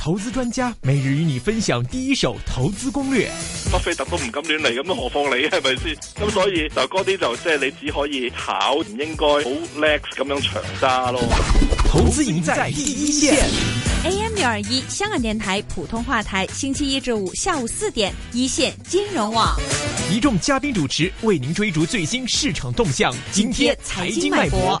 投資專家每日與你分享第一手投資攻略。巴菲特都唔敢亂嚟，咁何況你係咪先？咁所以就嗰啲就即係你只可以考，唔應該好叻咁樣長揸咯。投資贏在第一線。AM 六二一，香港電台普通話台，星期一至五下午四點，一線金融網。一眾嘉賓主持，為您追逐最新市場動向。今天財經脈搏。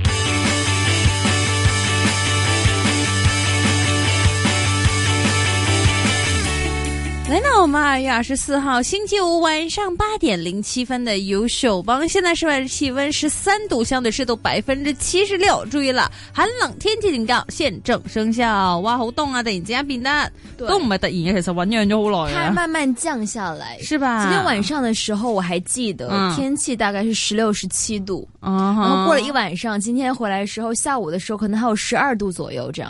來，到、 哎、我們二月二十四號星期五晚上八點零七分的《優秀幫》。現在室外氣溫十三度，相對濕度百分之七十六。注意了，寒冷天氣警告現正生效。哇，好凍啊！突然之間變得，都唔係突然嘅，其實醞釀咗好耐，它慢慢降下來，是吧？今天晚上的時候我還記得、嗯、天氣大概是十六、十七度，然後過了一晚上，今天回來的時候，下午的時候可能還有十二度左右這樣。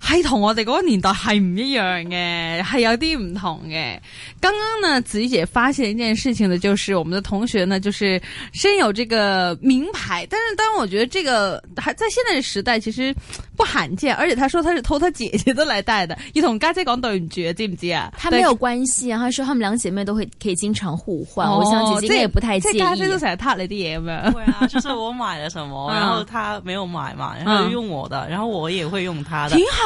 係同我哋嗰個年代係唔一樣嘅，係有啲唔同嘅。剛剛呢子怡姐發現一件事情呢，就是我們的同學呢，就是身有這個名牌，但是，當我覺得這個還在現在的時代其實不罕見。而且他說他是偷他姐姐的來帶的，要同家姐講對唔住，知唔知啊？他沒有關係，啊，然後說他們兩姐妹都會可以經常互換。哦，我想姐姐姐也不太介意。即係家姐都成日偷你啲嘢嘅咩？會啊，就是我買了什麼， 然後他沒有買嘛，嗯，然後用我的，然後我也會用他的，挺好。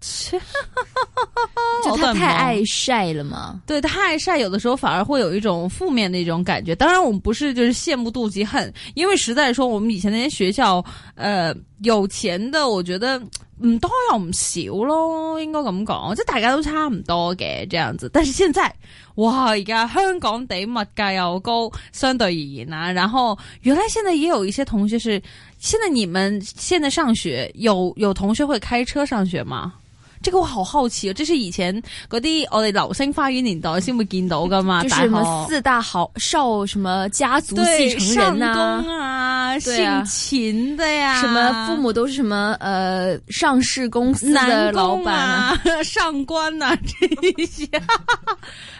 切， 就他太愛晒了嘛。 對太愛晒，有的時候反而會有一種負面的一種感覺。當然，我們不是就是羨慕妒忌恨，因為實在說，我們以前那些學校，呃，有錢的，我覺得唔多又唔少咯，應該咁講，即大家都差唔多嘅這樣子。但是現在，哇，而家香港地物價又高，相對而言啦。然後，原來現在也有一些同學是現在你們現在上學有有同學會開車上學嗎？這個我好好奇，這是以前嗰啲我哋流星花園年代先會見到噶嘛？這是什麼四大豪少什麼家族繼承人啊？姓、啊啊、秦的呀？什麼父母都是什麼？呃，上市公司的老闆啊，啊上官啊這一些。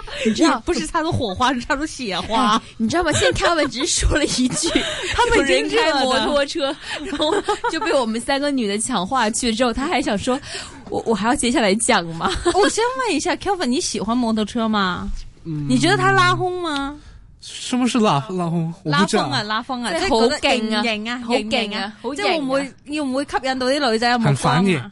你知道，不是擦出火花，是擦出血花。你知道嗎？現在 Kevin 只是說了一句：“他們人開摩托車， 然後就被我們三個女的搶話去之後，他還想說： 我我還要接下來講嗎？ 我先問一下，Kevin 你喜歡摩托車嗎？嗯、你覺得他拉轟嗎？什麼是拉拉轟？拉風啊，拉風啊，好勁啊，好勁啊，好 勁啊，啊啊啊啊啊啊啊這我們會唔會會唔會吸引到啲女仔目光嘛？”很煩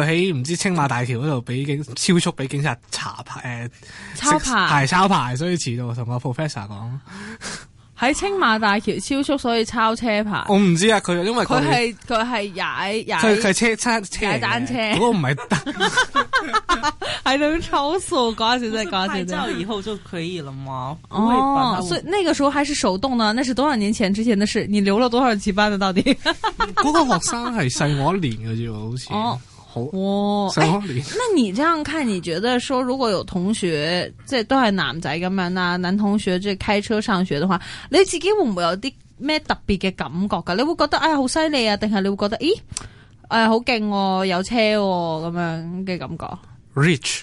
佢喺唔知青馬大橋嗰度俾警超速，俾警察查，呃、抄牌誒，牌，抄牌，所以遲到同個 professor 講喺青馬大橋超速，所以抄車牌。我唔知啊，佢因為佢係佢係踩踩佢佢車車踩單車，嗰個唔係。是 還能超速？高級再高級，教以後就可以啦嘛？哦，oh, 所以呢個時候還是手動呢？那是多少年前之前的事？你留了多少次班的？到底嗰 個學生係細我一年嘅啫，好似。Oh. 哦、欸，那你這樣看，你覺得說如果有同學即係都喺男仔咁樣，那男同學即係開車上學的話，你自己會唔會有啲咩特別嘅感覺噶？你會覺得哎呀，好犀利啊，定係你會覺得咦誒好勁哦，有車咁、啊、樣嘅感覺。Rich.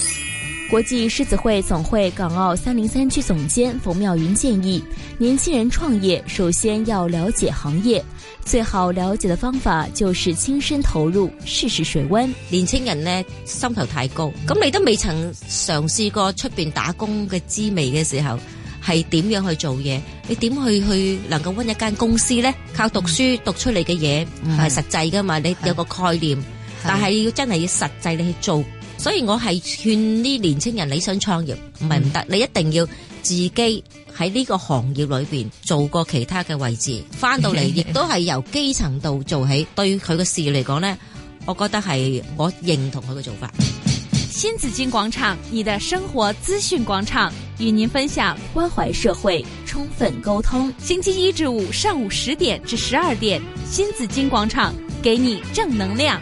國際獅子會總會港澳三零三區總監馮妙云建議，年輕人創業首先要了解行業，最好了解的方法就是親身投入試試水温。年輕人呢，心頭太高，咁、嗯、你都未曾嘗試過出邊打工嘅滋味嘅時候，係點樣去做嘢？你點去去能夠搵一間公司呢？靠讀書讀出嚟嘅嘢係實際噶嘛？你有個概念，是但係要真係要實際你去做。所以我係勸啲年輕人，你想創業唔係唔得，你一定要自己喺呢個行業裏邊做過其他嘅位置，翻到嚟亦都係由基層度做起，對佢嘅事業嚟講呢，我覺得係我認同佢嘅做法。新紫金廣場，你的生活資訊廣場，與您分享關懷社會，充分溝通。星期一至五上午十點至十二點，新紫金廣場，給你正能量。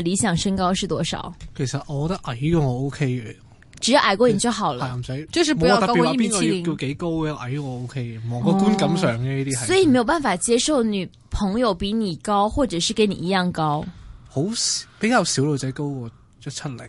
理想身高是多少？其實我覺得矮嘅我 OK 嘅，只要矮過你就好了，男仔，即使、就是、不要高過一米七零，特別話邊個要叫幾高嘅，矮我 OK 嘅，望個觀感上嘅呢啲係。所以你冇辦法接受女朋友比你高，或者是跟你一樣高，好比較少女仔高過一七零。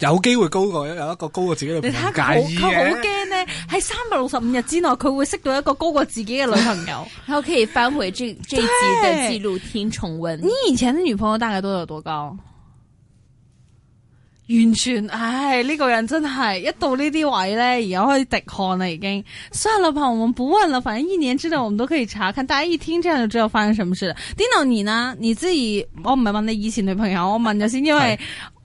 有機會高過有一、啊、一個高過自己嘅，你睇佢佢好驚呢，喺三百六十五日之內佢會識到一個高過自己嘅女朋友。 他可以翻回這這集嘅記錄聽重温。你以前嘅女朋友大概都有多高？完全，唉，呢、這個人真係一到呢啲位呢，而家可以滴汗啦，已經了，算了吧，我們不問了。反正一年之內我們都可以查看。大家一聽，之後就知道發生什麼事啦。點到你呢？你自己，我唔係問你以前女朋友，我問咗先，因為。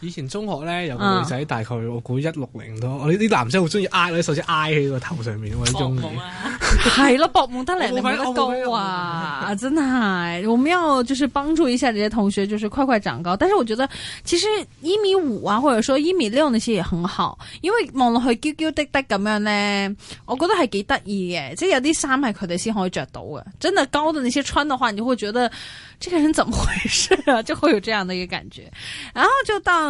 以前中學咧有個女仔，大概我估一六零多，我呢啲男生好中意挨你手指挨喺個頭上面，我係中意。係、哦、咯，博 懵得嚟你覺得高啊！真的，我們要就是幫助一下這些同學，就是快快長高。但是我覺得其實一米五啊，或者說一米六，那些也很好，因為望落去嬌嬌滴滴咁樣呢。我覺得係幾得意嘅。即、就、係、是、有啲衫係佢哋先可以着到嘅。真的高的那些穿的話，你會覺得這個人怎麼回事啊？就會有這樣的一個感覺。然後就到。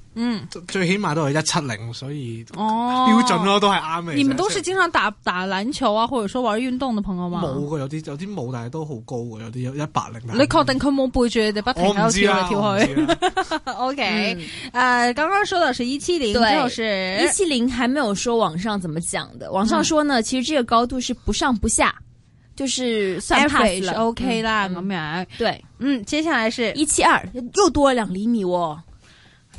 嗯，最起碼都係一七零，所以標準咯、哦，都係啱嘅。你們都是經常打打籃球啊，或者說玩運動的朋友嗎？冇㗎，有啲有啲，冇，但係都好高嘅，有啲有一八零。你確定佢冇背住你哋不停喺度跳嚟跳去？O K，誒，剛剛說到是一七零，之後，對，一七零還沒有說網上怎麼講的。網上說呢、嗯，其實這個高度是不上不下，就是算 pass、嗯、a、okay、啦。O K 啦，咁樣。對，嗯，接下來是一七二，又多兩厘米喎、哦。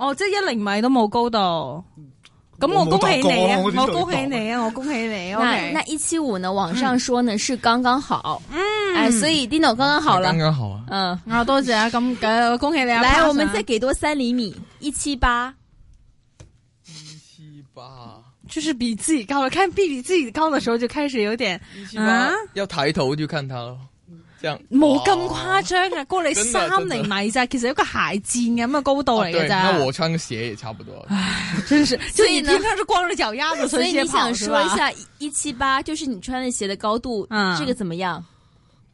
哦，即係一零米都冇高度，咁、嗯嗯、我，我，我恭喜你啊我！我恭喜你啊！我恭喜你。Okay、那那一七五呢？網上說呢、嗯、是剛剛好，嗯，哎，所以 Dino 剛剛好了，剛剛好啊，嗯，啊、哦、多謝啊，咁恭喜你啊， 來，我們再給多三厘米，一七八，一七八，就是比自己高了，看比比，比自己高的時候就開始有點，一、啊、要抬頭就看他咯。冇咁誇張啊，過你三厘米咋？其實有個鞋墊咁嘅高度嚟嘅咋。那我穿嘅鞋也差不多。唉，真是，所 以平常是光着腳丫子，所以你想說一下一七八， 1, 7, 8, 就是你穿嘅鞋的高度，嗯，這個怎麼樣？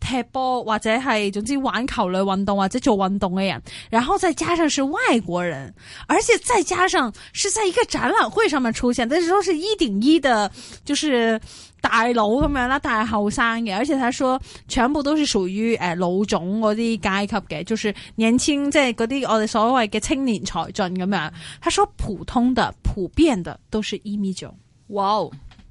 踢波，或者係總之玩球類運動或者做運動嘅人，然後再加上是外國人，而且再加上是在一個展覽會上面出現，但、就、係、是、說是一頂一的，就是大佬咁樣啦，大後生嘅。而且他說全部都是屬於誒老總嗰啲階級嘅，就是年輕即係嗰啲我哋所謂嘅青年才俊咁樣，他說普通的普遍的都是一米九，哇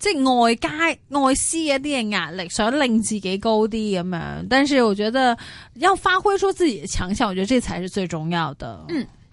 即係外界外施一啲嘅壓力，想令自己高啲咁樣，但是我覺得要發揮出自己嘅強項，我覺得這才是最重要的。嗯。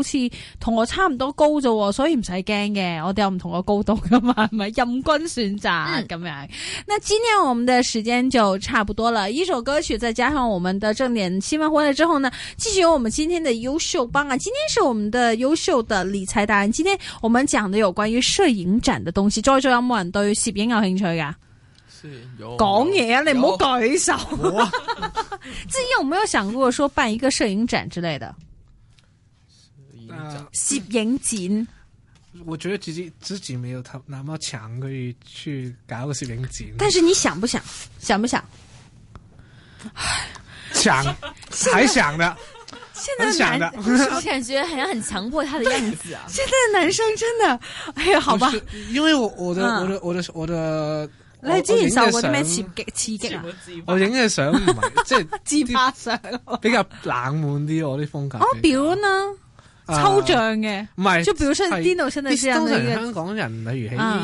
好似同我差唔多高啫，所以唔使驚嘅。我哋有唔同嘅高度噶嘛，係 咪任君選擇咁、嗯、樣？那今天我們的時間就差不多啦。一首歌曲，再加上我們的正點新聞回來之後呢，繼續有我們今天的優秀幫啊。今天是我們的優秀的理財達人。今天我們講的有關於攝影展的東西，在座有冇人對攝影有興趣噶？講嘢啊，你唔好舉手。自 己我 有沒有想過說辦一個攝影展之類的？攝、嗯、影展，我覺得自己自己沒有他那麼強，可以去搞個攝影展。但是你想不想？想不想？想，還想的。現在男的，我感覺得好像很強迫他的樣子。現在男生真的，哎呀，好吧。因為我我的我的我的我的，你之前受過我啲咩刺激刺激啊？我影嘅相唔係，即係自拍相， 比較冷門啲我啲風格比。我、oh, 表呢？抽象嘅，呃，就表示呢度先係嘅香港人，例如係。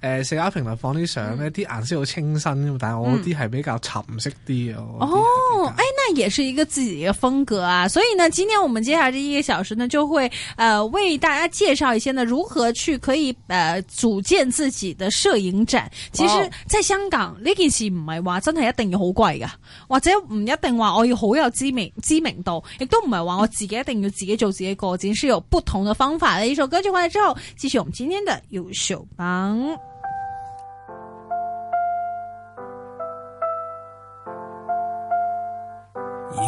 誒，社交平台放啲相呢啲、嗯、顏色好清新但係我啲係比較沉色啲嘅。嗯、哦，哎，那也是一個自己的風格啊。所以呢，今天我們接下來呢一個小時呢，就會誒、呃、為大家介紹一些呢，如何去可以誒、呃、組建自己的攝影展。其實、哦、在香港呢件事唔係話真係一定要好貴噶，或者唔一定話我要好有知名知名度，亦都唔係話我自己一定要自己做自己個展， 是有不同的方法。呢首歌唱嚟之後，繼續我們今天的優秀榜。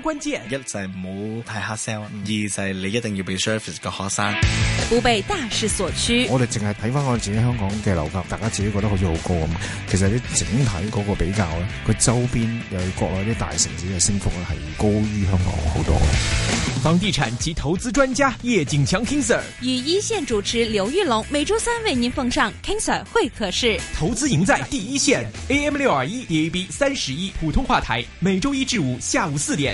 關鍵，一就係唔好太黑 sell，二就係你一定要俾 service 個學生。不被大勢所趨，我哋淨係睇翻我自己香港嘅樓價，大家自己覺得好似好高咁。其實啲整體嗰個比較咧，佢周邊有係國內啲大城市嘅升幅咧，係高於香港好多。房地產及投資專家葉景強 King Sir 與一線主持劉玉龍，每週三為您奉上 King Sir 會客室，投資贏在第一線。AM 六二一 DAB 三十一普通話台，每週一至五下午四點。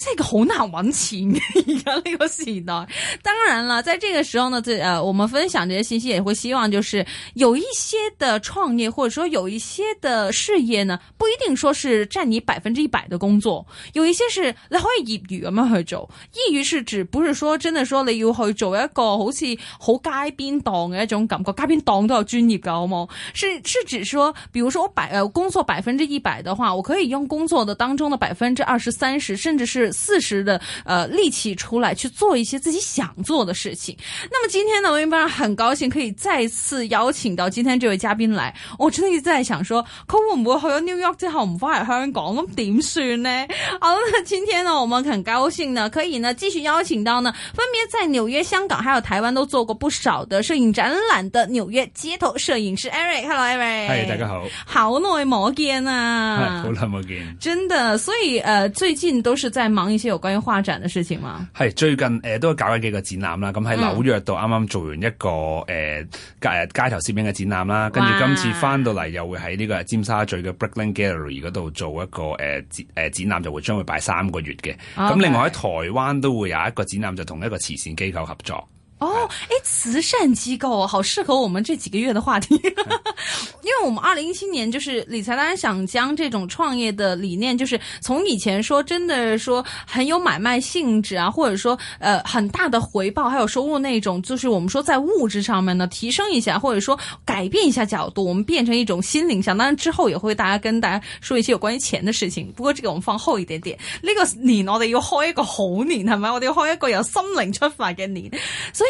這個好難搵錢嘅而家呢個時代，當然啦，在這個時候呢，這呃我們分享這些信息，也會希望就是有一些的創業，或者說有一些的事業呢，不一定說是佔你百分之一百的工作，有一些是你會業餘咁樣去做。業餘是指不是說，真的說你要去做一個好似好街邊檔嘅一種感覺，街邊檔都有專業㗎，好冇？是是指說，比如說我百、呃、工作百分之一百的話，我可以用工作的當中的百分之二十三十，甚至是。四十的呃力氣出來去做一些自己想做的事情。那麼今天呢，我非常很高興可以再次邀請到今天這位嘉賓來。我真的一直在想說，可我們會唔會去咗紐約之後我們唔翻嚟香港咁點算呢？好，那今天呢，我們很高興呢可以呢繼續邀請到呢分別在紐約、香港還有台灣都做過不少的攝影展覽的紐約街頭攝影師 Eric。Hello，Eric。Hey，嗨，大家好。好耐冇見啊！ 好耐冇見。真的，所以呃最近都是在忙。講一些有關於畫展嘅事情嘛，係最近誒、呃，都搞咗幾個展覽啦。咁喺紐約度啱啱做完一個誒街、嗯呃、街頭攝影嘅展覽啦，跟、嗯、住今次翻到嚟又會喺呢個尖沙咀嘅 Brickland Gallery 嗰度做一個誒、呃、展誒、呃、展覽，就會將會擺三個月嘅。咁、okay、另外喺台灣都會有一個展覽，就同一個慈善機構合作。哦，哎，慈善機構、啊、好適合我們這幾個月的話題， 因為我們二零一七年就是理財，大家想將這種創業的理念，就是從以前說真的說很有買賣性質啊，或者說呃很大的回報還有收入那種，就是我們說在物質上面呢提升一下，或者說改變一下角度，我們變成一種心靈。想當然之後也會大家跟大家說一些有關於錢的事情，不過這個我們放後一點點。那、這個年我哋要開一個好年，係咪？我哋要開一個由心靈出發嘅年，所以。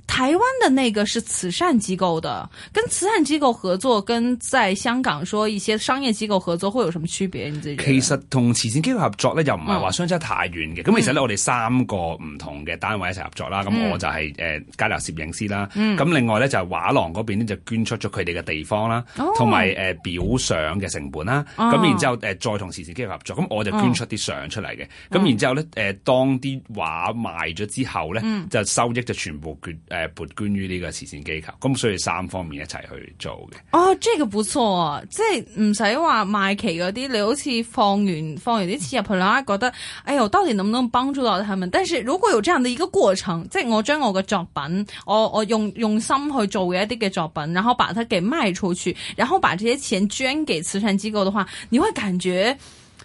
台灣的那個是慈善機構的，跟慈善機構合作，跟在香港說一些商業機構合作會有什麼區別？其實同慈善機構合作呢，又唔係話相差太遠嘅。咁、嗯、其實呢，我哋三個唔同嘅單位一齊合作啦。咁、嗯、我就係誒街拍攝影師啦。咁、嗯、另外呢，就係、是、畫廊嗰邊呢，就捐出咗佢哋嘅地方啦，同埋誒表相嘅成本啦。咁、哦、然之後誒再同慈善機構合作，咁、嗯、我就捐出啲相出嚟嘅。咁、嗯、然後、呃、之後呢誒當啲畫賣咗之後呢，就收益就全部捐、呃撥捐於呢個慈善機構，咁所以三方面一齊去做嘅。哦，即係個不錯啊，即係唔使話賣旗嗰啲，你好似放完放完啲錢入去啦，覺得哎喲，到底能唔能幫助到他們？但係如果有這樣的一個過程，即係我將我嘅作品，我我用用心去做嘅一啲嘅作品，然後把它給賣出去，然後把這些錢捐給慈善機構嘅話，你會感覺。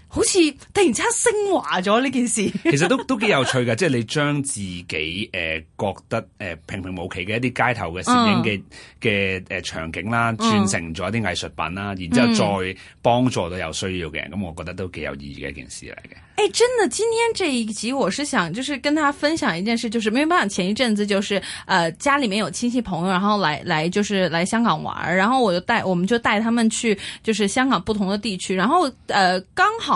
好似突然之間升華咗呢件事，其實都都幾有趣嘅， 即係你將自己誒、呃、覺得誒、呃、平平無奇嘅一啲街頭嘅攝影嘅嘅誒場景啦，轉成咗一啲藝術品啦，嗯、然之後再幫助到有需要嘅，咁、嗯、我覺得都幾有意義嘅一件事嚟嘅。誒、欸，真的，今天這一集，我是想就是跟大家分享一件事，就是沒辦法，前一陣子就是，誒、呃，家裏面有親戚朋友，然後來來，就是來香港玩，然後我就帶，我們就帶他們去，就是香港不同的地區，然後，誒、呃，剛好。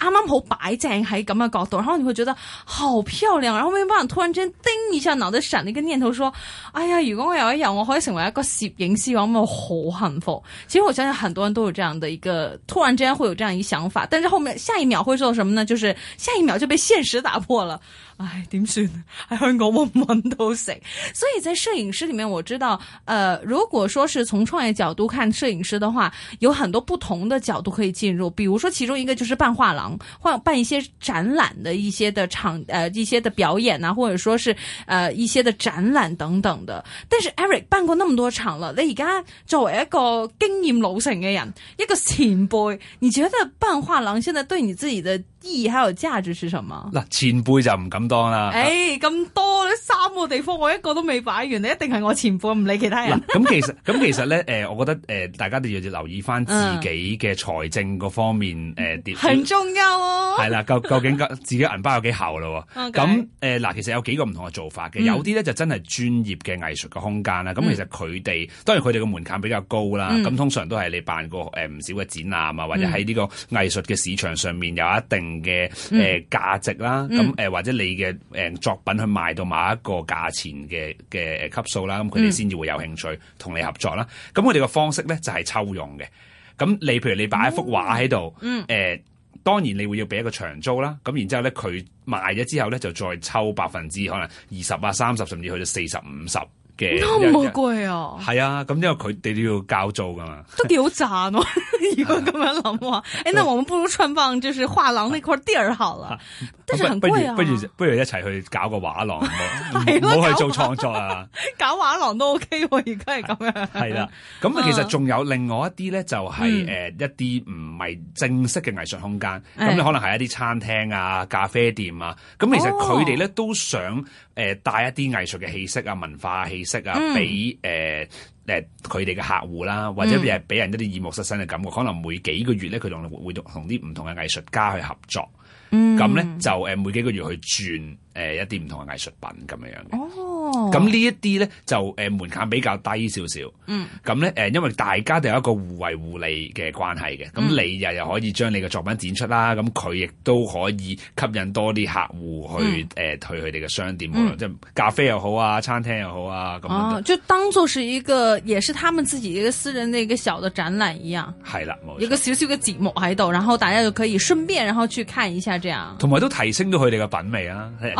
阿、啊、媽好擺正喺咁樣角度，然後你會覺得好漂亮，然後沒辦法，突然之間叮一下，腦袋閃了一個念頭，說，哎呀，如果我有一樣，我好想我一個攝影師咁我好幸福。其實我相信很多人都有這樣的一個，突然之間會有這樣一想法，但是後面下一秒會做什麼呢？就是下一秒就被現實打破了。唉，點算喺香港揾唔揾到食，所以在攝影師裏面我知道，呃如果說是從創業角度看攝影師的話，有很多不同的角度可以進入，比如說其中一個就是辦畫廊，或辦一些展覽的一些的場，呃一些的表演啊，或者說是呃一些的展覽等等的。但是 Eric 辦過那麼多場了，你而家作為一個經驗老成嘅人，一個前輩，你覺得辦畫廊現在對你自己的意義還有價值是什麼？嗱，前輩就唔敢。當、欸、啦，誒，咁多三個地方，我一個都未擺完，你一定係我前輩，唔理其他人。咁 其實咁其實咧，誒、呃，我覺得誒、呃，大家都要留意翻自己嘅財政嗰方面，誒、嗯，啲、呃、很重要、啊。係 啦，究究竟自己銀包有幾厚咯？咁、okay. 誒、嗯，嗱、呃，其實有幾個唔同嘅做法嘅，有啲咧就真係專業嘅藝術嘅空間啦。咁其實佢哋、嗯、當然佢哋嘅門檻比較高啦。咁、嗯、通常都係你辦過誒唔少嘅展覽啊，或者喺呢個藝術嘅市場上面有一定嘅誒價值啦。咁誒、呃，或者你嘅誒作品去賣到某一個價錢嘅嘅級數啦，咁佢哋先至會有興趣同你合作啦。咁佢哋嘅方式咧就係、是、抽佣嘅。咁你譬如你擺一幅畫喺度，誒、mm. mm. 欸、當然你會要俾一個長租啦。咁然之後咧佢賣咗之後咧就再抽百分之可能二十啊、三十甚至去到四十五十。那麼貴啊？係啊，咁、啊、因為佢哋都要交租噶嘛，都幾好賺。 如果咁樣諗啊，誒、欸，那我們不如創辦就是畫廊呢塊地兒好啦、啊、但是很貴啊。不，不如不如一齊去搞個畫廊，唔 好、啊、去做創作啊。搞畫廊都 OK，而家係咁樣。係啦、啊，咁啊，啊，其實仲有另外一啲咧、嗯，就係誒一啲唔係正式嘅藝術空間，咁、哎、你可能係一啲餐廳啊、咖啡店啊，咁、哦、其實佢哋咧都想。誒帶一啲藝術嘅氣息啊、文化氣息啊，俾誒佢哋嘅客戶啦，或者俾人一啲耳目一新嘅感覺、嗯。可能每幾個月咧，佢仲會同啲唔同嘅藝術家去合作，咁、嗯、咧就每幾個月去轉。誒、呃，一啲唔同嘅藝術品咁樣樣嘅，咁、哦、呢一啲咧就誒、呃、門檻比較低少少，咁咧誒因為大家都有一個互惠互利嘅關係嘅，咁、嗯、你日日可以將你嘅作品展出啦，咁佢亦都可以吸引多啲客戶去誒、嗯呃、去佢哋嘅商店，即係咖啡又好啊，餐廳又好啊，咁啊就當做是一個，也是他們自己一個私人嘅一個小的展覽一樣，係啦，一個少少嘅節目喺度，然後大家就可以順便然後去看一下，這樣，同埋都提升到佢哋嘅品味啦、啊。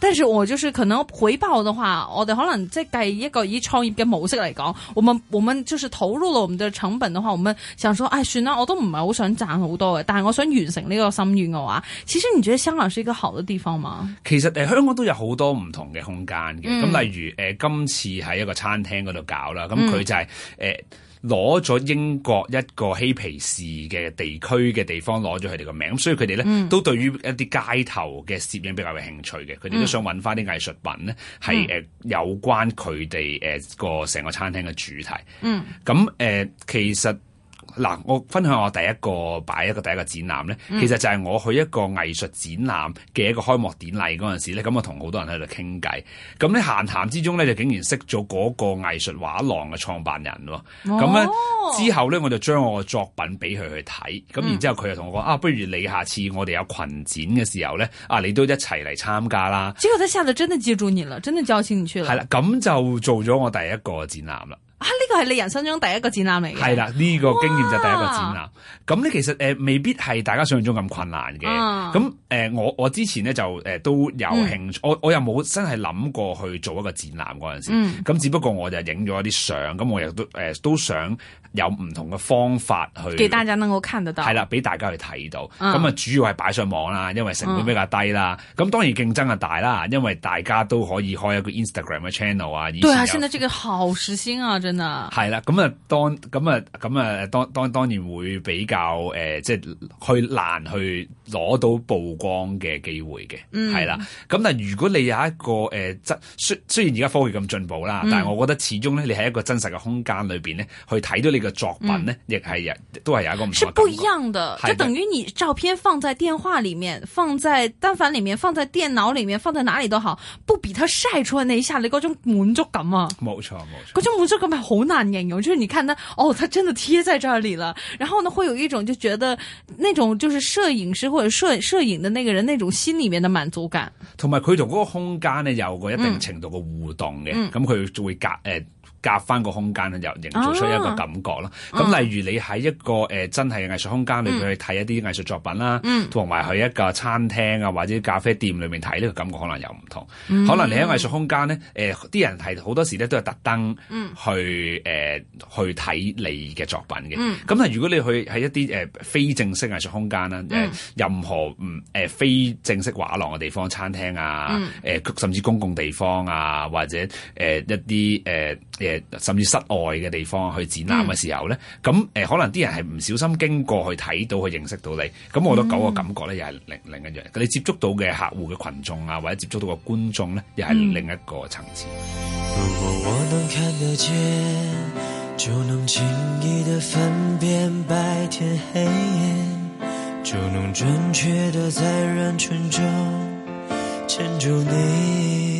但是我就是可能回報的話，我哋可能即係計一個以創業嘅模式嚟講，我們我們就是投入了我們的成本的話，我們想說，唉、哎，算啦，我都唔係好想賺好多嘅，但係我想完成呢個心願嘅話，其實你覺得香港係一個好嘅地方嘛。其實誒、呃，香港都有好多唔同嘅空間嘅，咁、嗯、例如誒、呃，今次喺一個餐廳嗰度搞啦，咁佢就係、是、誒。嗯呃攞咗英國一個嬉皮士嘅地區嘅地方，攞咗佢哋個名，咁所以佢哋呢都對於一啲街頭嘅攝影比較有興趣嘅，佢哋都想搵返啲藝術品呢係誒有關佢哋誒個成個餐廳嘅主題。嗯，咁誒、呃、其實。嗱，我分享我第一個擺一個第一個展覽咧，其實就係我去一個藝術展覽嘅一個開幕典禮嗰陣時咧，咁我同好多人喺度傾偈，咁咧閒談之中咧就竟然識咗嗰個藝術畫廊嘅創辦人咯，咁、哦、咧之後咧我就將我嘅作品俾佢去睇，咁然之後佢就同我講、嗯、啊，不如你下次我哋有群展嘅時候咧，啊你都一齊嚟參加啦。之後佢下次真係記住你啦，真係邀請你去啦。係啦，咁就做咗我第一個展覽啦。啊！呢個係你人生中第一個展覽嚟嘅。係啦，呢、這個經驗就係第一個展覽。咁呢其實誒、呃、未必係大家想象中咁困難嘅。咁、嗯、誒、呃、我我之前咧就誒、呃、都有興趣，我我又冇真係諗過去做一個展覽嗰陣時。咁、嗯、只不過我就影咗一啲相，咁我亦都誒、呃、都想有唔同嘅方法去。俾大家能夠看得到。係啦，俾大家去睇到。咁、嗯、啊主要係擺上網啦，因為成本比較低啦。咁、嗯、當然競爭啊大啦，因為大家都可以開一個 Instagram 嘅 channel 啊。對啊，現在這個好時興啊！真的。係啦，咁 啊樂，當咁啊，咁啊，當當當然會比較誒、呃，即係去難去攞到曝光嘅機會嘅，係、嗯、啦。咁但如果你有一個誒，真、呃，雖雖然而家科技咁進步啦，但係我覺得始終咧，你喺一個真實嘅空間裏邊咧、嗯，去睇到你嘅作品咧，亦、嗯、係都係有一個唔同嘅。是不一樣的，就等於你照片放在電話裏面，放在單反裏面，放在電腦裏面，放在哪裏都好，不比佢晒出嚟那一下，你嗰種滿足感啊！冇錯冇錯，嗰種滿足感啊！好難形容，就是你看他哦，他真的貼在這裏了，然後呢，會有一種就覺得那種就是攝影師或者攝攝影的那個人那種心裏面的滿足感，同埋佢同嗰個空間呢，有個一定程度嘅互動嘅，咁、嗯、佢會隔誒。呃隔翻個空間去又營造出一個感覺咁、啊啊啊、例如你喺一個、呃、真係藝術空間裏面、嗯、去睇一啲藝術作品啦，同、嗯、埋去一個餐廳啊或者咖啡店裏面睇呢、個感覺可能又唔同、嗯。可能你喺藝術空間咧，啲、呃、人係好多時咧都係特登去、嗯呃、去睇你嘅作品嘅。咁、嗯、但如果你去喺一啲、呃、非正式藝術空間啦、呃，任何唔、呃、非正式畫廊嘅地方、餐廳啊、嗯呃，甚至公共地方啊，或者、呃、一啲甚至室外嘅地方去展覽嘅時候呢，噉、嗯呃、可能啲人係唔小心經過去睇到，去認識到你。噉我覺得嗰個感覺呢，嗯、又係另一樣。你接觸到嘅客戶嘅群眾啊，或者接觸到嘅觀眾呢，又係另一個層次。如、嗯、果我能看得見，就能輕易地分辨白天黑夜，就能準確地在人群中牽住你。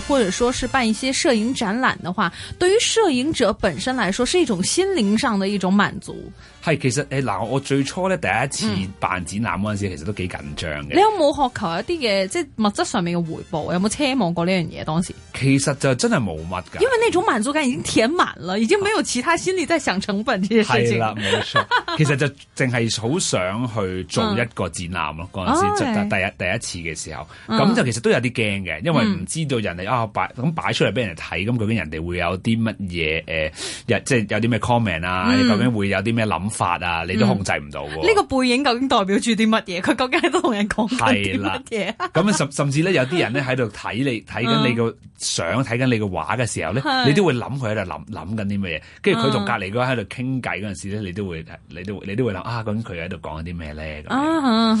或者說是辦一些攝影展覽的話，對於攝影者本身來說，是一種心靈上的一種滿足。係其實誒嗱、哎，我最初咧第一次辦展覽嗰陣時候、嗯，其實都幾緊張嘅。你有冇渴求一啲嘅即係物質上面嘅回報？有冇奢望過呢樣嘢？當時其實就真係冇乜㗎。因為那種滿足感已經填滿了， 已經沒有其他心理在想成本呢啲事情。係啦，冇錯。 其實就淨係好想去做一個展覽咯，陣、嗯、時即、嗯、第一第一次嘅時候，咁、嗯、就其實都有啲驚嘅，因為唔、嗯、知道人。啊，擺咁擺出嚟俾人睇，咁究竟人哋會有啲乜嘢？誒、呃，即係有啲咩 comment 啊？你、嗯、究竟會有啲咩諗法啊？你都控制唔到喎。呢、嗯，這個背影究竟代表住啲乜嘢？佢究竟喺度同人講啲乜嘢？咁 甚甚至咧，有啲人咧喺度睇你睇緊你個相，睇緊你個畫嘅時候咧，你都會諗佢喺度諗諗緊啲乜嘢。跟住佢同隔籬嗰個喺度傾偈嗰陣時咧、嗯，你都會你都你都會諗啊，咁佢喺度講緊啲咩咧？啊，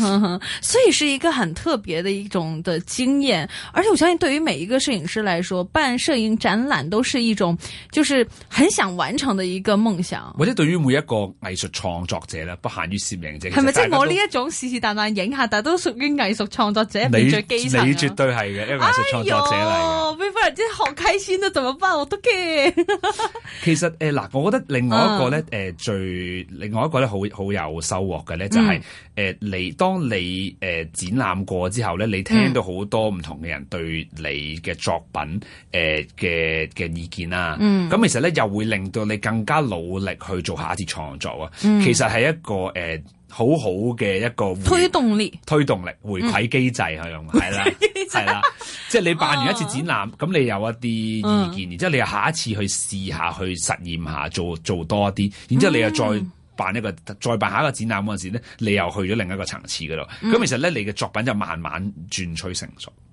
所以是一個很特別嘅一種嘅經驗，而且我相信對於每一個攝影師嚟，說，辦攝影展覽都是一種，就是很想完成的一個夢想。或者對於每一個藝術創作者咧，不限於攝影者，係咪即係我呢一種時時代代，一，是是但但影下，但都屬於藝術創作者，你最基，啊，你絕對係嘅，一個藝術創作者嚟即係好開心啊、啊，怎麼辦？我都驚。 其實誒嗱、呃，我覺得另外一個咧，誒、嗯呃、最另外一個咧，好好有收穫嘅咧，就係、是、誒、嗯呃、你當你誒、呃、展覽過之後咧，你聽到好多唔、嗯、同嘅人對你嘅。作品誒嘅嘅意見啦，咁、嗯、其實咧又會令到你更加努力去做下一次創作啊、嗯。其實係一個誒好好嘅一個推動力，推動力回饋機制係咪？係、嗯、啦，係啦，即 係、就是、你辦完一次展覽，咁、啊、你有一啲意見，然之後你又下一次去試下去實驗下，做做多啲，然之後你又再辦一個、嗯，再辦下一個展覽嗰陣時咧，你又去咗另一個層次噶啦咁、嗯、其實咧，你嘅作品就慢慢漸趨成熟。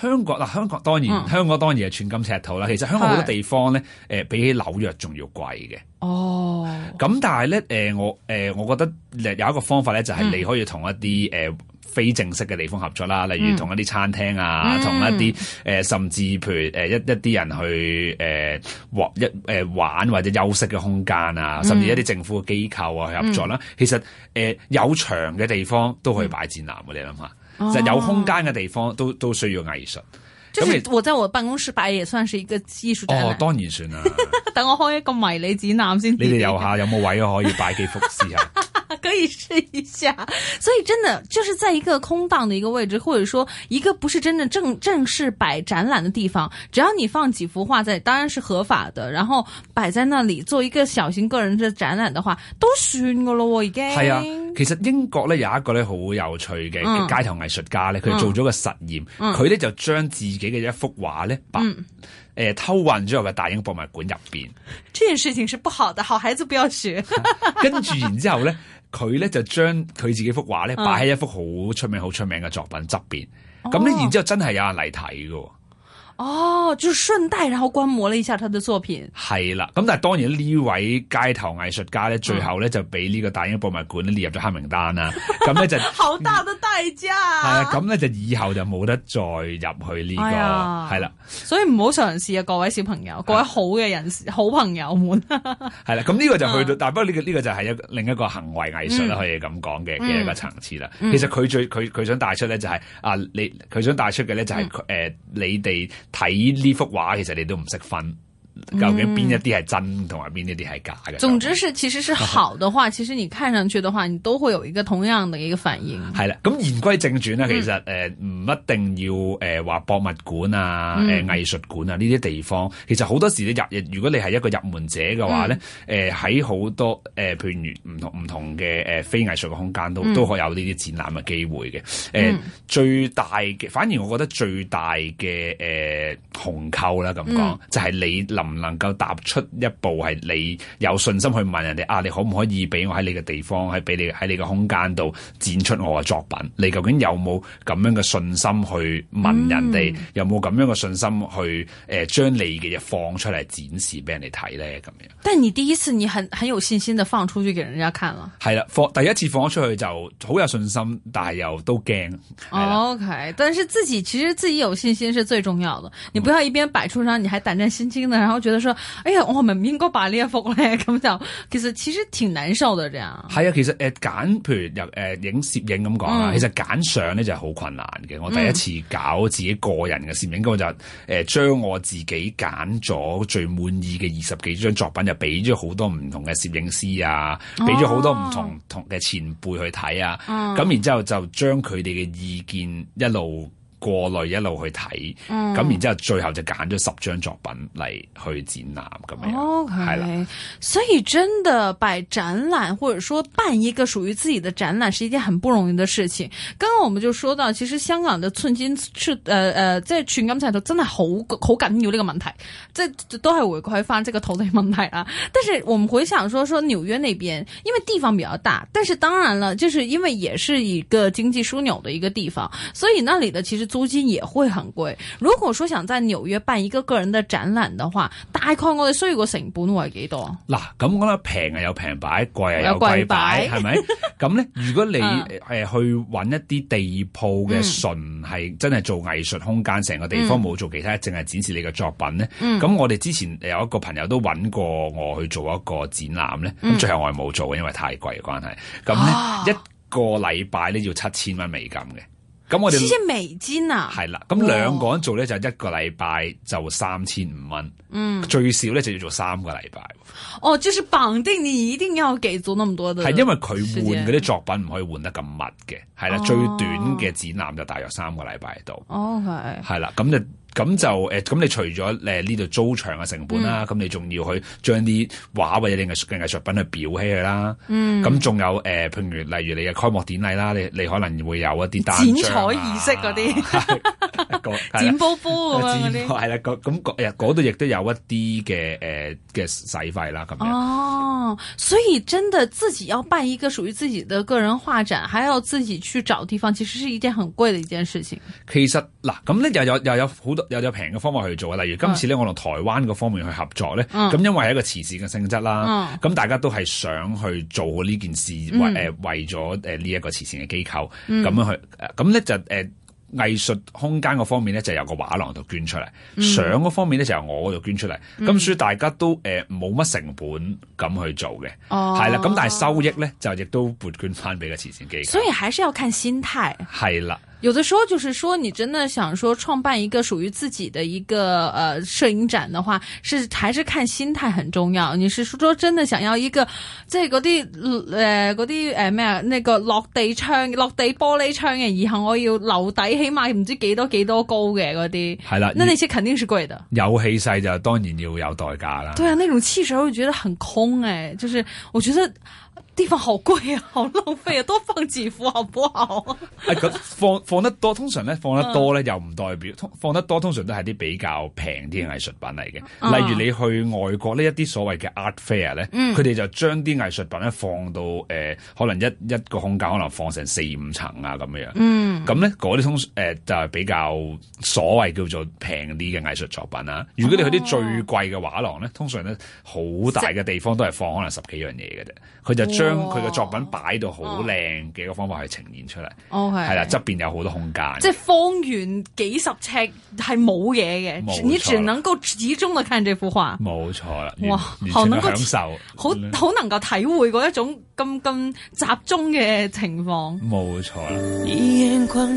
香港嗱、啊嗯，香港當然，香港當然係寸金尺土啦。其實香港好多地方咧、呃，比起紐約仲要貴嘅。哦，咁但係咧、呃，我、呃、我覺得有一個方法咧，就係你可以同一啲、呃、非正式嘅地方合作啦，例如同一啲餐廳啊，同、嗯、一啲、呃、甚至譬如一一啲人去玩一、呃、玩或者休息嘅空間啊，甚至一啲政府嘅機構啊去合作啦。嗯、其實、呃、有場嘅地方都可以擺展覽嘅，你諗下。就有空間嘅地方都都需要藝術，咁、即係、我在我辦公室擺嘢算是一個藝術哦，當然算啦。 等我開一個迷你展覽先，你哋樓下有冇位置可以擺幾幅詩啊？ 可以試一下，所以真的就是在一個空蕩的一個位置，或者說一個不是真正正正式擺展覽的地方，只要你放幾幅畫在，當然是合法的。然後擺在那裏做一個小型個人的展覽的話，都算個了。我已經。係啊，其實英國呢有一個呢好有趣嘅街頭藝術家呢，佢、嗯、做咗個實驗，佢、嗯、呢就將自己嘅一幅畫呢，誒、嗯呃、偷運咗入去大英博物館入邊。這件事情是不好的，好孩子不要學。啊、跟住，然之後呢 佢咧就將佢自己幅畫咧擺喺一幅好出名、好出名嘅作品側邊，咁、嗯、咧然之後真係有人嚟睇嘅。哦，就順帶然後觀摩了一下他的作品，係啦。咁但係當然呢位街頭藝術家咧，最後咧就俾呢個大英博物館列入咗黑名單啦。咁 咧就好大都代價。係啦，咁咧就以後就冇得再入去呢、這個係啦、哎。所以唔好嘗試啊，各位小朋友，各位好嘅人士，好朋友們。係 啦，咁呢個就去到、嗯，但不過呢個呢個就係一另一個行為藝術啦，可以咁講嘅一個層次啦、嗯嗯。其實佢最佢佢想帶出咧就係、是、啊，你佢想帶出嘅咧就係、是、誒、嗯呃、你哋。睇呢幅畫其實，你都唔識分。究竟邊一啲係真，同埋邊一啲係假嘅？總之其實是好的話， 其實你看上去嘅話，你都會有一個同樣嘅一個反應。係啦，咁言歸正傳啦、嗯，其實誒唔一定要誒話博物館啊，誒藝術館啊呢啲地方，其實好多時入，如果你係一個入門者嘅話咧，誒喺好多誒譬、呃、如唔同唔同嘅誒非藝術嘅空間都、嗯、都可以有呢啲展覽嘅機會嘅。誒、呃嗯、最大嘅，反而我覺得最大嘅誒、呃、鴻溝啦，咁講、嗯、就係、是、你唔能夠踏出一步，係你有信心去問人哋啊！你可唔可以俾我喺你嘅地方，喺俾你喺你嘅空間度展出我嘅作品？你究竟有冇咁樣嘅信心去問人哋、嗯？有冇咁樣嘅信心去誒，將、呃、你嘅嘢放出嚟展示俾人哋睇咧？咁樣。但你第一次，你很很有信心嘅放出去給人家看了。係啦，放第一次放咗出去就好有信心，但係又都驚、哦。OK，但是自己其實自己有信心是最重要的。你不要一邊擺出張、嗯，你還膽戰心驚嘅。然後覺得說，哎呀，我係咪唔應該擺呢一幅咧？咁就其實其實挺難受的，這樣。係啊，其實誒揀，譬如入誒影、呃、攝影咁講啊，其實揀相咧就係好困難嘅。我第一次搞自己個人嘅攝影，嗯、我就誒、呃、將我自己揀咗最滿意嘅二十幾張作品，就俾咗好多唔同嘅攝影師啊，俾咗好多唔同同嘅前輩去睇啊。咁、嗯、然之後就將佢哋嘅意見一路。過來一路去睇，咁、嗯、然之後最後就揀咗十張作品嚟去展覽咁樣，係、嗯、啦、okay。所以真的擺展覽，或者說辦一個屬於自己的展覽，是一件很不容易的事情。剛剛我們就說到，其實香港的寸金是，呃呃即係寸金寸土，真係好好緊要呢個問題，即係都係回歸翻即係個土地問題啊，但是我們回想說，說紐約那邊，因為地方比較大，但是當然了，就是因為也是一個經濟樞紐的一個地方，所以那裏呢其實。租金也會很貴。如果說想在紐約辦一個個人的展覽的話，大概我哋需要個成本會係幾多？嗱，咁我覺得平啊有平擺，貴啊有貴擺，係、嗯、咪？咁、嗯、咧，如果你誒去搵一啲地鋪嘅純係真係做藝術空間，成個地方冇做其他，淨係展示你嘅作品咧，咁我哋之前有一個朋友都搵過我去做一個展覽咧，咁、嗯嗯、最後我係冇做嘅，因為太貴嘅關係。咁、嗯、咧、啊、一個禮拜咧要七千蚊美金嘅。咁我哋，千美金啊，係啦，咁兩個人做咧、oh. 就一個禮拜就三千五蚊，嗯、mm.，最少咧就要做三個禮拜。哦、oh,，即係綁定你一定要給足咁多嘅，係因為佢換嗰啲作品唔可以換得咁密嘅，係啦，oh. 最短嘅展覽就大約三個禮拜度。哦、oh, okay.，係，係啦，咁就。咁就誒，咁、呃、你除咗誒呢度租場嘅成本啦，咁你仲要去將啲畫或者啲藝術嘅藝術品去裱起佢啦，嗯，咁仲、嗯、有誒，譬、呃、如例如你嘅開幕典禮啦，你你可能會有一啲大、啊、剪彩儀式嗰啲、 啊啊啊，剪波波咁樣嗰啲，係一個咁嗰度亦都有一啲嘅誒嘅使費啦咁樣。哦，所以真的自己要辦一個屬於自己嘅個人畫展，還要自己去找地方，其實是一件很貴嘅一件事情。其實嗱，咁咧又有又有好多。有咗平嘅方法去做，例如今次咧，我同台灣嗰方面去合作咧，咁、嗯、因為係一個慈善嘅性質啦，咁、嗯、大家都係想去做呢件事為、嗯，為誒為咗誒呢一個慈善嘅機構咁、嗯、樣去，咁咧就誒藝術空間嗰方面咧就由個畫廊度捐出嚟，相、嗯、嗰方面咧就由我度捐出嚟，咁、嗯、所以大家都誒冇乜成本咁去做嘅，係、哦、啦，咁但係收益咧就亦都撥捐翻俾個慈善機構，所以還是要看心態，係啦。有的時候就是說，你真的想說創辦一個屬於自己的一個呃攝影展的話，是還是看心態很重要。你是說真的想要一個，即係嗰啲誒嗰啲誒咩啊？那個落地窗、落地玻璃窗嘅，然後我要樓底起碼唔知幾多幾多高嘅嗰啲。係啦，那些那些肯定是貴的。有氣勢就當然要有代價啦。對啊，那種氣勢我覺得很空誒，就是我覺得。地方好貴、啊，好浪費啊！多放幾幅，好唔好咁、啊、放放得多，通常咧放得多咧又唔代表，放得多，呢又唔代表通，放得多通常都係啲比較平啲嘅藝術品嚟嘅、啊。例如你去外國呢一啲所謂嘅 art fair 咧，佢、嗯、哋就將啲藝術品咧放到誒、呃，可能一一個空間可能放成四五層啊咁樣。嗯，咁咧嗰啲通誒、呃、就係比較所謂叫做平啲嘅藝術作品啦、啊。如果你去啲最貴嘅畫廊咧，通常咧好大嘅地方都係放可能十幾樣嘢嘅啫，佢就。將佢嘅作品擺到好靚嘅一個方法去呈現出嚟，係、嗯、啦，側邊有好多空間，即係方圓幾十尺係冇嘢嘅，你只能夠集中地看這幅畫，冇錯啦，哇，好能夠感受，好能好,好能夠體會過一種咁咁集中嘅情況，冇錯啦。眼光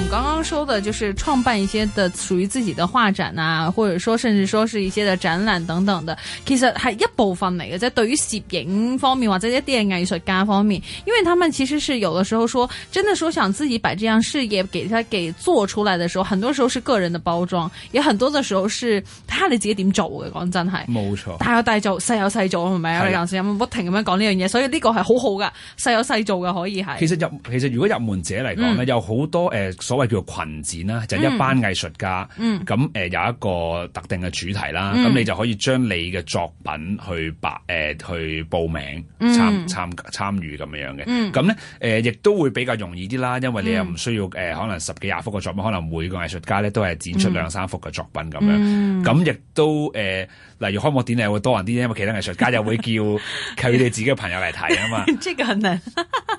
我們剛剛說的就是創辦一些的屬於自己的畫展啊，或者說甚至說是一些的展覽等等的。其實係一部分嚟嘅，即係對於攝影方面或者一啲嘅藝術家方面，因為他們其實是有的時候說，真的說想自己把這項事業給他給做出來的時候，很多時候是個人的包裝，也很多的時候是睇你自己點做嘅。講真係，冇錯，大有大做，細有細做，係咪啊？你頭先，不停咁樣講呢樣嘢，所以呢個係好好㗎，細有細做嘅，可以係。其實入其實如果入門者嚟講呢有好多誒。呃所謂叫做群展啦，就係、一班藝術家，咁、嗯呃、有一個特定嘅主題啦，咁、嗯、你就可以將你嘅作品去白、呃、去報名參參參與咁樣嘅，咁咧亦都會比較容易啲啦，因為你又唔需要、呃、可能十幾廿幅嘅作品，可能每個藝術家咧都係展出兩三幅嘅作品咁樣，咁、嗯、亦、嗯、都、呃例如開幕典禮會多人啲，因為其他藝術家又會叫佢哋自己嘅朋友嚟睇啊嘛。即 個很難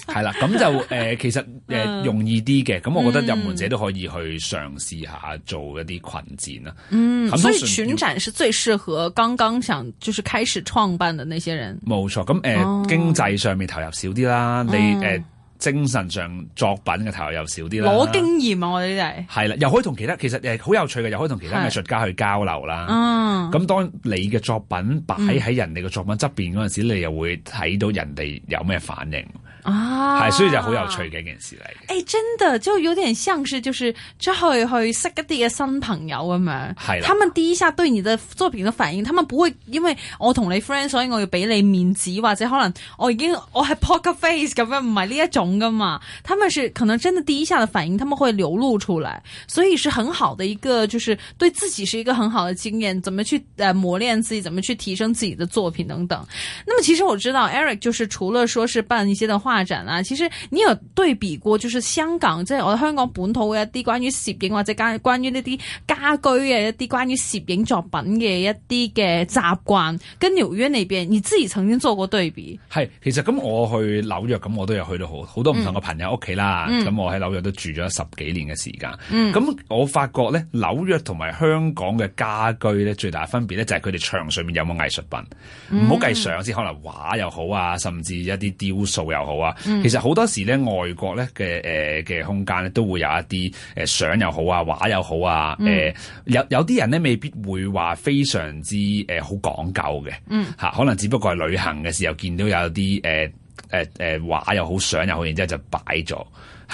係啦，係 啦，咁就誒、呃，其實誒、呃嗯、容易啲嘅，咁我覺得入門者都可以去嘗試一下做一啲群展啦。嗯，所以群展是最適合剛剛想就是開始創辦嘅那些人。冇錯，咁誒、呃哦、經濟上面投入少啲啦，你誒。嗯精神上作品嘅投入又少啲啦。攞經驗啊！我哋啲係係啦，又可以同其他其實係好有趣嘅，又可以同其他藝術家去交流啦。咁、嗯、當你嘅作品擺喺人哋嘅作品側邊嗰陣時、嗯，你又會睇到人哋有咩反應。啊，係，所以就好有趣嘅一件事嚟。誒、欸，真的就有點像是、就是，就是出去去識一啲嘅新朋友咁樣。係啦，他們第一下對你的作品的反應，他們不會因為我同你 friend，所以我要俾你面子，或者可能我已經我係 poker face 咁樣，唔係呢一種噶嘛。他們是可能真的第一下的反應，他們會流露出來，所以是很好的一個，就是對自己是一個很好的經驗，怎麼去誒磨練自己，怎麼去提升自己的作品等等。那麼其實我知道 Eric，就是除了說是辦一些的話。發展啦，其實你有對比過就，就是香港即係我香港本土嘅一啲關於攝影或者關關於呢啲家居嘅一啲關於攝影作品嘅一啲嘅習慣，跟紐約呢邊，你之前曾經做過對比？係，其實咁我去紐約咁，我都有去到好好多唔同嘅朋友屋企啦。咁、嗯、我喺紐約都住咗十幾年嘅時間。咁、嗯、我發覺咧，紐約同埋香港嘅家居咧最大嘅分別咧就係佢哋牆上面有冇藝術品，唔好計相先，可能畫又好啊，甚至一啲雕塑又好。啊，其實好多時咧，外國咧嘅誒嘅空間咧，都會有一啲誒、呃、相又好啊，畫又好啊，誒、呃嗯、有有啲人咧未必會話非常之誒好、呃、講究嘅，嗯，嚇可能只不過係旅行嘅時候見到有啲誒誒誒畫又好，相又好，然之後就擺咗。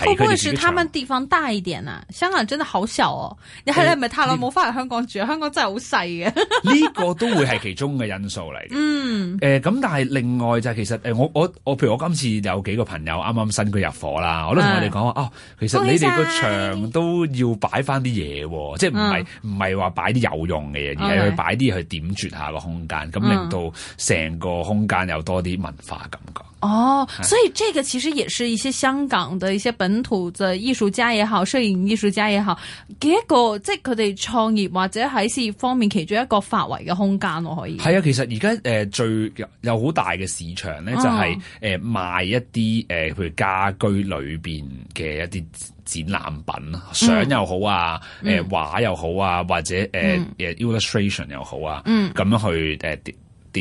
會不會是他們地方大一點啊？香港真的好小哦！你係你係咪太耐冇翻嚟香港住啊？香港真係好細嘅，呢 個都會係其中嘅因素嚟。嗯，誒、呃、咁，但係另外就係其實誒，我我我，譬如我今次有幾個朋友啱啱新居入伙啦、嗯，我都同我哋講話哦，其實你哋個牆都要擺翻啲嘢，即係唔係唔係話擺啲有用嘅嘢、嗯，而係去擺啲去點綴下個空間，咁、嗯、令到成個空間有多啲文化感覺。哦、哎，所以這個其實也是一些香港的一些本本土就藝術家也好，雖然藝術家也好，佢一個即係佢哋創業或者喺事業方面其中一個發圍嘅空間咯，可以。係啊，其實而家誒最有好大嘅市場咧，就係、是、誒、呃嗯、賣一啲誒、呃，譬如家居裏邊嘅一啲展覽品啦，相又好啊，誒畫又好啊，或者誒誒、呃嗯、illustration 又好啊，咁、嗯、樣去誒。呃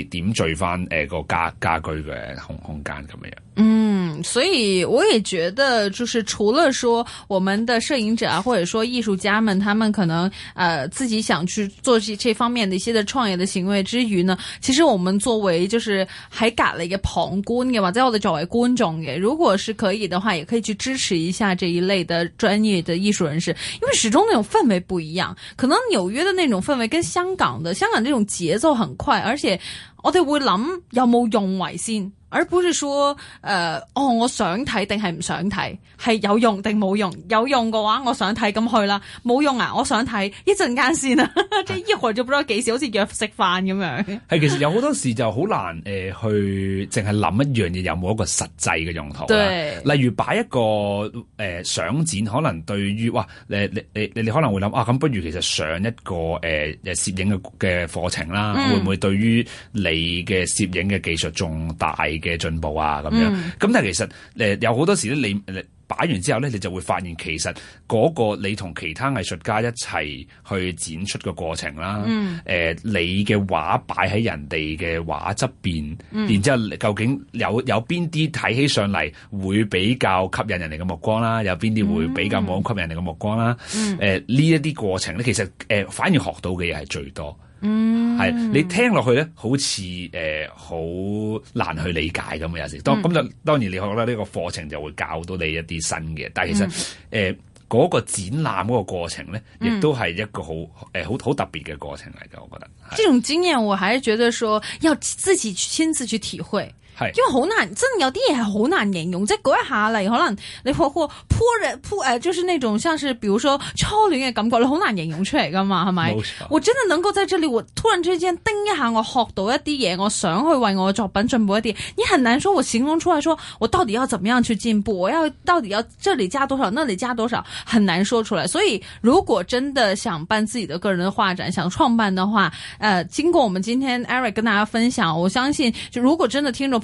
點綴翻，誒個家家居嘅空空間咁樣。嗯，所以我也覺得，就是除了說我們的攝影者啊，或者說藝術家們，他們可能，呃自己想去做這這方面的一些的創業的行為之餘呢，其實我們作為就是還改了一個旁觀嘅嘛，在我哋作為觀眾嘅，如果是可以的話，也可以去支持一下這一類的專業的藝術人士，因為始終那種氛圍不一樣，可能紐約的那種氛圍跟香港的，香港這種節奏很快，而且。我哋會諗有冇用為先。而本書，誒、呃、哦，我想睇定係唔想睇，係有用定冇用？有用嘅話我想睇咁去啦；冇用啊，我想睇一陣間先啦、啊，即係 一何做不咗幾時好似約食飯咁樣係其實有好多時就、呃、事就好難誒去淨係諗一樣嘢有冇一個實際嘅用途對例如擺一個誒、呃、相展，可能對於哇你你你你可能會諗啊，咁不如其實上一個誒誒攝影嘅嘅課程啦，會唔會對於你嘅攝影嘅技術仲大？嗯嗯嘅進步啊，咁樣咁，但係其實、呃、有好多時咧，你擺完之後咧，你就會發現其實嗰個你同其他藝術家一齊去展出個過程啦，嗯呃、你嘅畫擺喺人哋嘅畫側邊，嗯、然之後究竟有有邊啲睇起上嚟會比較吸引人哋嘅目光啦？有邊啲會比較冇咁吸引人哋嘅目光啦？呃、呢一啲過程咧，其實、呃、反而學到嘅嘢係最多。嗯，係你聽落去咧，好似誒好難去理解咁嘅，有時當咁就、嗯、當然，你覺得呢個課程就會教到你一啲新嘅，但係其實誒嗰、嗯呃嗰個展覽嗰個過程咧，亦都係一個好誒好好特別嘅過程嚟嘅。我覺得，呢種經驗我還是覺得說要自己去親自去體會。 因為好難，真的有啲嘢係好難形容，即係嗰一下嚟，可能你學破潑人潑，誒，就是那種像是，比如說初戀嘅感覺，你好難形容出嚟噶嘛，係咪？ 我真的能夠在這裡，我突然之間叮一下，我學到一啲嘢，我想去為我作品進步一啲，你很難說我形容出來說，我到底要怎麼樣去進步，我要到底要這裡加多少，那裡加多少，很難說出來。所以如果真的想辦自己的個人的畫展，想創辦的話，誒、呃，經過我們今天 Eric 跟大家分享，我相信就如果真的聽眾。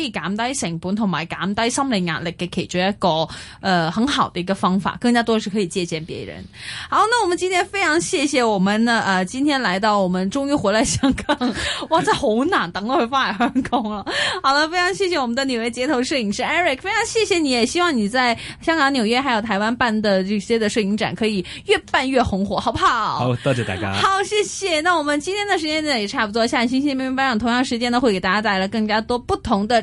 可以減低成本同埋減低心理壓力嘅其中一個誒、呃、很好的一個方法，更加多是可以借鑒別人。好，那我們今天非常謝謝我們呢。誒、呃，今天來到我們終於回來香港，哇，真係好難等咯，佢翻嚟香港咯。好了，非常謝謝我們的紐約街頭攝影師 Eric，非常謝謝你，也希望你在香港、紐約還有台灣辦的這些的攝影展可以越辦越紅火，好不好？好，多謝大家。好，謝謝。那我們今天的時間呢也差不多，下星期明明班晚同樣時間呢會給大家帶來更加多不同的。